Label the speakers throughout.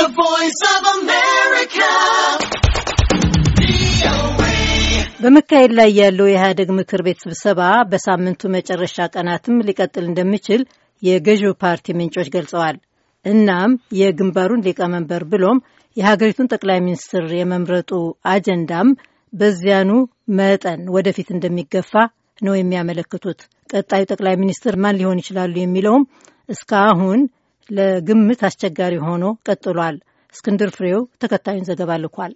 Speaker 1: The Voice of America.
Speaker 2: በመካሄድ ላይ ያለው የኢህአደግ ምክር ቤት ስብሰባ በሳምንቱ መጨረሻ ቀናትም ሊቀጥል እንደሚችል የገዢው ፓርቲ ምንጮች ገልጸዋል። እናም የግንባሩን ሊቀመንበር ብሎም የሀገሪቱን ጠቅላይ ሚኒስትር የመምረጡ አጀንዳም በዚያኑ መጠን ወደፊት እንደሚገፋ ነው የሚያመለክቱት። ቀጣዩ ጠቅላይ ሚኒስትር ማን ሊሆን ይችላሉ የሚለውም እስካሁን ለግምት አስቸጋሪ ሆኖ ቀጥሏል። እስክንድር ፍሬው ተከታዩን ዘገባ ልኳል።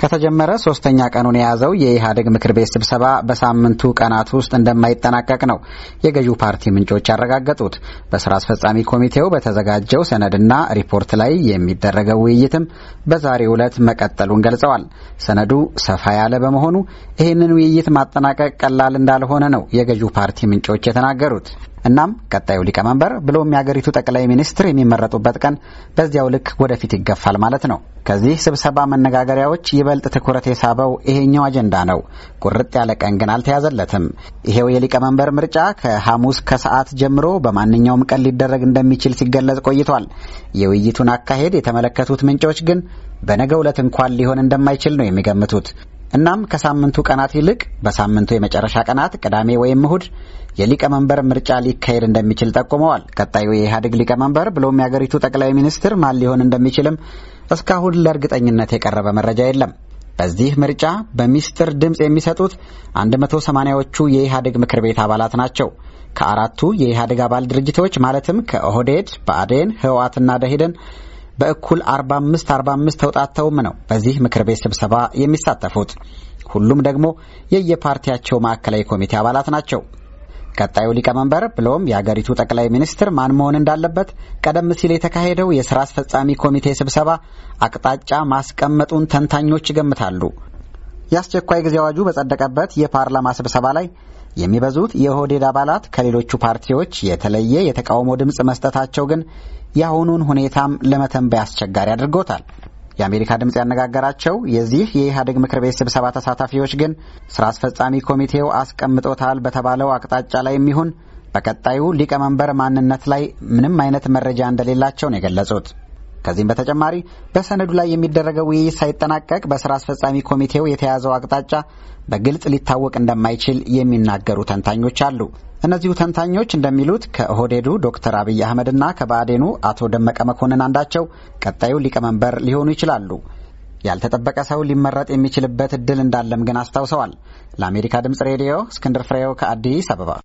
Speaker 1: ከተጀመረ ሶስተኛ ቀኑን የያዘው የኢህአዴግ ምክር ቤት ስብሰባ በሳምንቱ ቀናት ውስጥ እንደማይጠናቀቅ ነው የገዢው ፓርቲ ምንጮች ያረጋገጡት። በስራ አስፈጻሚ ኮሚቴው በተዘጋጀው ሰነድና ሪፖርት ላይ የሚደረገው ውይይትም በዛሬው ዕለት መቀጠሉን ገልጸዋል። ሰነዱ ሰፋ ያለ በመሆኑ ይህንን ውይይት ማጠናቀቅ ቀላል እንዳልሆነ ነው የገዢው ፓርቲ ምንጮች የተናገሩት። እናም ቀጣዩ ሊቀመንበር ብሎም የአገሪቱ ጠቅላይ ሚኒስትር የሚመረጡበት ቀን በዚያው ልክ ወደፊት ይገፋል ማለት ነው። ከዚህ ስብሰባ መነጋገሪያዎች ይበልጥ ትኩረት የሳበው ይሄኛው አጀንዳ ነው። ቁርጥ ያለ ቀን ግን አልተያዘለትም። ይሄው የሊቀመንበር ምርጫ ከሐሙስ ከሰዓት ጀምሮ በማንኛውም ቀን ሊደረግ እንደሚችል ሲገለጽ ቆይቷል። የውይይቱን አካሄድ የተመለከቱት ምንጮች ግን በነገ ዕለት እንኳን ሊሆን እንደማይችል ነው የሚገምቱት። እናም ከሳምንቱ ቀናት ይልቅ በሳምንቱ የመጨረሻ ቀናት ቅዳሜ ወይም እሁድ የሊቀመንበር ምርጫ ሊካሄድ እንደሚችል ጠቁመዋል። ቀጣዩ የኢህአዴግ ሊቀመንበር ብሎም የአገሪቱ ጠቅላይ ሚኒስትር ማን ሊሆን እንደሚችልም እስካሁን ለእርግጠኝነት የቀረበ መረጃ የለም። በዚህ ምርጫ በሚስጥር ድምፅ የሚሰጡት 180ዎቹ የኢህአዴግ ምክር ቤት አባላት ናቸው። ከአራቱ የኢህአዴግ አባል ድርጅቶች ማለትም ከኦህዴድ፣ ብአዴን፣ ህወሓትና ደኢህዴን በእኩል 45 45 ተውጣተውም ነው በዚህ ምክር ቤት ስብሰባ የሚሳተፉት። ሁሉም ደግሞ የየፓርቲያቸው ማዕከላዊ ኮሚቴ አባላት ናቸው። ቀጣዩ ሊቀመንበር ብሎም የአገሪቱ ጠቅላይ ሚኒስትር ማን መሆን እንዳለበት ቀደም ሲል የተካሄደው የስራ አስፈጻሚ ኮሚቴ ስብሰባ አቅጣጫ ማስቀመጡን ተንታኞች ይገምታሉ። የአስቸኳይ ጊዜ አዋጁ በጸደቀበት የፓርላማ ስብሰባ ላይ የሚበዙት የኦህዴድ አባላት ከሌሎቹ ፓርቲዎች የተለየ የተቃውሞ ድምፅ መስጠታቸው ግን የአሁኑን ሁኔታም ለመተንበይ አስቸጋሪ አድርጎታል። የአሜሪካ ድምፅ ያነጋገራቸው የዚህ የኢህአዴግ ምክር ቤት ስብሰባ ተሳታፊዎች ግን ስራ አስፈጻሚ ኮሚቴው አስቀምጦታል በተባለው አቅጣጫ ላይ የሚሆን በቀጣዩ ሊቀመንበር ማንነት ላይ ምንም አይነት መረጃ እንደሌላቸው ነው የገለጹት። ከዚህም በተጨማሪ በሰነዱ ላይ የሚደረገው ውይይት ሳይጠናቀቅ በስራ አስፈጻሚ ኮሚቴው የተያዘው አቅጣጫ በግልጽ ሊታወቅ እንደማይችል የሚናገሩ ተንታኞች አሉ። እነዚሁ ተንታኞች እንደሚሉት ከኦህዴዱ ዶክተር አብይ አህመድና ከባዕዴኑ አቶ ደመቀ መኮንን አንዳቸው ቀጣዩ ሊቀመንበር ሊሆኑ ይችላሉ። ያልተጠበቀ ሰው ሊመረጥ የሚችልበት እድል እንዳለም ግን
Speaker 2: አስታውሰዋል። ለአሜሪካ ድምጽ ሬዲዮ እስክንድር ፍሬው ከአዲስ አበባ